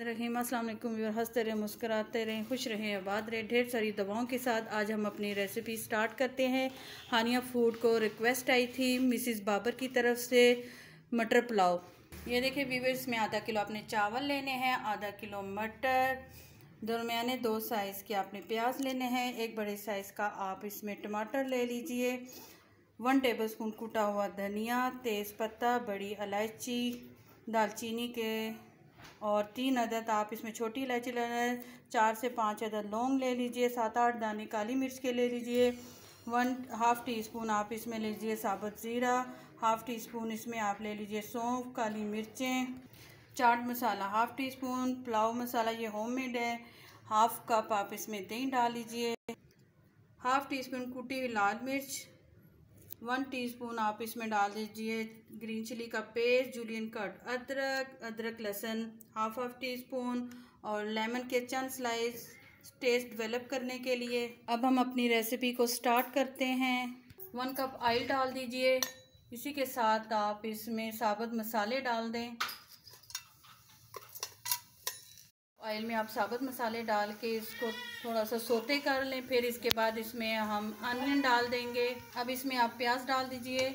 रहीम अस्सलाम वालेकुम व्यूअर हंसते रहें मुस्कराते रहें खुश रहें आबाद रहें ढेर सारी दवाओं के साथ आज हम अपनी रेसिपी स्टार्ट करते हैं हानिया फूड को रिक्वेस्ट आई थी मिसिज़ बाबर की तरफ से मटर पुलाव ये देखिए व्यूवर्स में आधा किलो आपने चावल लेने हैं आधा किलो मटर दरमियाने दो साइज़ के आपने प्याज लेने हैं एक बड़े साइज़ का आप इसमें टमाटर ले लीजिए वन टेबल स्पून कूटा हुआ धनिया पत्ता बड़ी इलायची दालचीनी के और तीन अदद आप इसमें छोटी इलायची लें चार से पाँच अदद लौंग ले लीजिए सात आठ दाने काली मिर्च के ले लीजिए वन हाफ़ टी स्पून आप इसमें ले लीजिए साबुत ज़ीरा हाफ़ टी स्पून इसमें आप ले लीजिए सौंफ काली मिर्चें chaat masala half teaspoon pulao masala ये होममेड है हाफ़ कप आप इसमें दही डाल लीजिए हाफ़ टी स्पून कुटी हुई लाल मिर्च वन टीस्पून आप इसमें डाल दीजिए ग्रीन चिली का पेस्ट जूलियन कट अदरक अदरक लहसन हाफ हाफ टी स्पून और लेमन के चंद स्लाइस टेस्ट डेवलप करने के लिए अब हम अपनी रेसिपी को स्टार्ट करते हैं वन कप आयल डाल दीजिए इसी के साथ आप इसमें साबुत मसाले डाल दें ऑयल में आप साबुत मसाले डाल के इसको थोड़ा सा सोते कर लें फिर इसके बाद इसमें हम अनियन डाल देंगे अब इसमें आप प्याज डाल दीजिए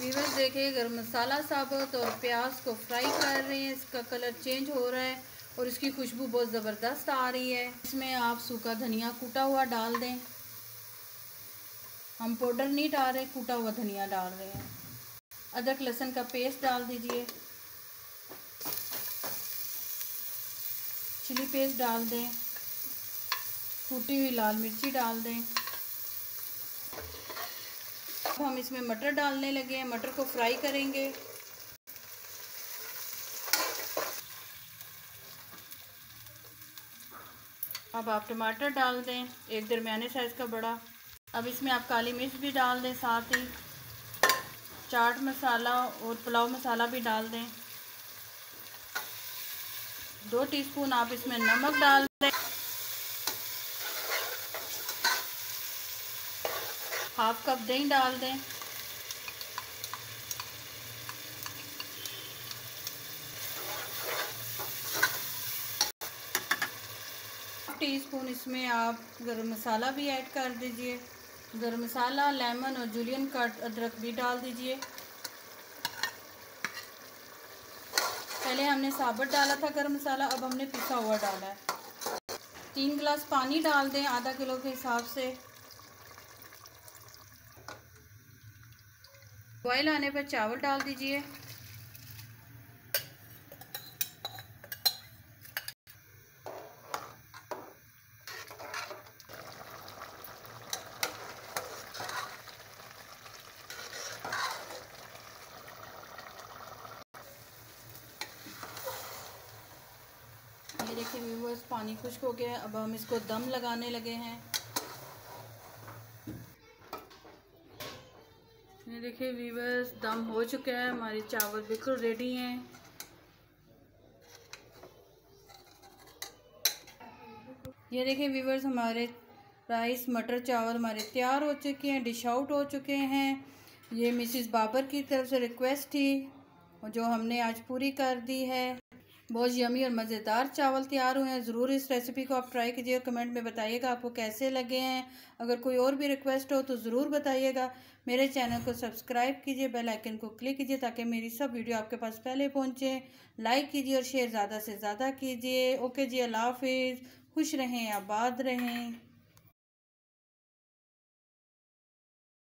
वीवर्स देखिए गर्म मसाला साबुत और प्याज को फ्राई कर रहे हैं इसका कलर चेंज हो रहा है और इसकी खुशबू बहुत ज़बरदस्त आ रही है इसमें आप सूखा धनिया कूटा हुआ डाल दें हम पाउडर नहीं डाल रहे कूटा हुआ धनिया डाल रहे हैं अदरक लहसुन का पेस्ट डाल दीजिए चिली पेस्ट डाल दें कूटी हुई लाल मिर्ची डाल दें अब हम इसमें मटर डालने लगे हैं मटर को फ्राई करेंगे अब आप टमाटर डाल दें एक दरमियाने साइज़ का बड़ा अब इसमें आप काली मिर्च भी डाल दें साथ ही चाट मसाला और पुलाव मसाला भी डाल दें दो टीस्पून आप इसमें नमक डाल दें हाफ कप दही डाल दें टीस्पून इसमें आप गरम मसाला भी ऐड कर दीजिए गरम मसाला लेमन और जूलियन कट अदरक भी डाल दीजिए पहले हमने साबुत डाला था गर्म मसाला अब हमने पिसा हुआ डाला है तीन गिलास पानी डाल दें आधा किलो के हिसाब से बॉयल आने पर चावल डाल दीजिए देखिए व्यूवर्स पानी खुश्क हो गया अब हम इसको दम लगाने लगे हैं ये देखिए व्यूवर्स दम हो चुका है हमारे चावल बिल्कुल रेडी हैं ये देखिए व्यूवर्स हमारे राइस मटर चावल हमारे तैयार हो चुके हैं डिश आउट हो चुके हैं ये मिसिस बाबर की तरफ से रिक्वेस्ट थी जो हमने आज पूरी कर दी है बहुत यमी और मज़ेदार चावल तैयार हुए हैं ज़रूर इस रेसिपी को आप ट्राई कीजिए और कमेंट में बताइएगा आपको कैसे लगे हैं अगर कोई और भी रिक्वेस्ट हो तो ज़रूर बताइएगा मेरे चैनल को सब्सक्राइब कीजिए बेल आइकन को क्लिक कीजिए ताकि मेरी सब वीडियो आपके पास पहले पहुँचे लाइक कीजिए और शेयर ज़्यादा से ज़्यादा कीजिए ओके जी अल्लाह हाफिज़ खुश रहें आबाद रहें